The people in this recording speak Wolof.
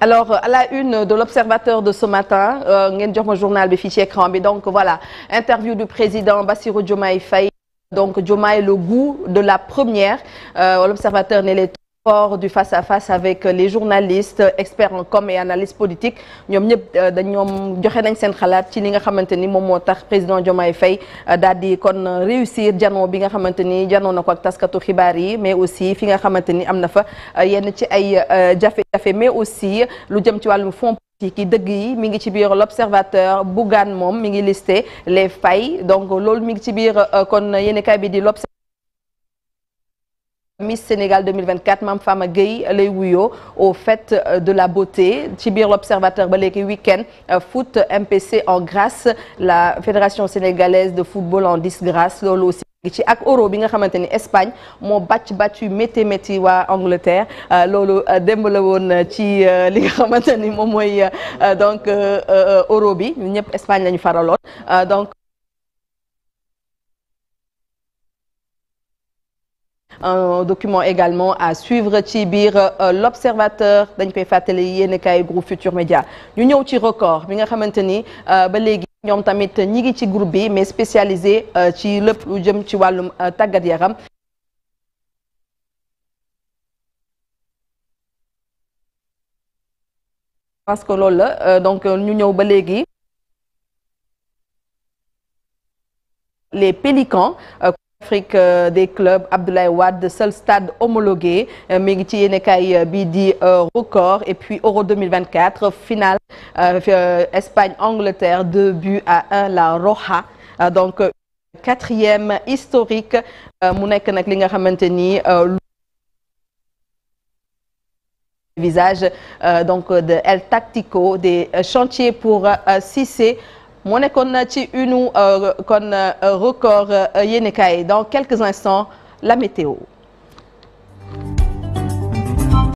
alors à la une de l'observateur de ce matin euh, ngeen jox ma journal bi fii ci écran bi donc voilà interview du président Bassirou Diomaye Faye donc Diomaye le goût de la première euh, l'observateur ne fort du face à face avec les journalistes experts en com et analystes politiques ñoom ñëpp euh, dañ ñoom joxe nañ seen xalaat ci li nga xamante ni moom moo tax président Diomaye Faye euh, daal di kon réussir jano bi nga xamante ni janoo na ko ak taskatu xibaar yi mais aussi fi nga xamante ni am na fa euh, yenn ci ay jafe-jafe mais aussi lu jëm ci wàllum fond ki dëgg yi mi ngi ci biir l'observateur Bougane moom mi ngi listé les failles donc loolu mu ngi ci biir kon yéen kay di l'observateur Miss Sénégal 2024 Mame Fama Gueye lay wuyoo au fait euh, de la beauté ci biir l'observateur ba léegi week-end euh, foot MPC en grâce la fédération sénégalaise de football en disgrâce loolu aussi ci ak euro bi nga xamante ni Espagne moo bàcc bàcc yu métti métti waa Angleterre euh, loolu démb la woon ci li nga xamante ni moom mooy donc euro bi ñëpp Espagne la ñu faraloon donc un document également à suivre ci biir euh, l'observateur dañ koy fàttali yéenekaay groupe Futur Média ñu ñëw ci record bi nga xamante ni euh, ba léegi ñoom tamit ñi ngi ci groupe bi mais spécialisé euh, ci lépp lu jëm ci wàllum tàggat yaram parce que loolu la donc ñu ñëw ba léegi les Pélicans d'Afrique euh, des clubs Abdoulaye Wade seul stade homologué euh, mi ngi ci yéenekaay euh, bii di record et puis Euro 2024 finale Espagne Angleterre 2 buts à 1 la Roja donc quatrième historique mu nekk nag li nga xamante ni visage donc de El Tactico des chantiers pour Cissé mu nekkoon ci une euh, kon euh, record euh, yéenekaay dans quelques instants la météo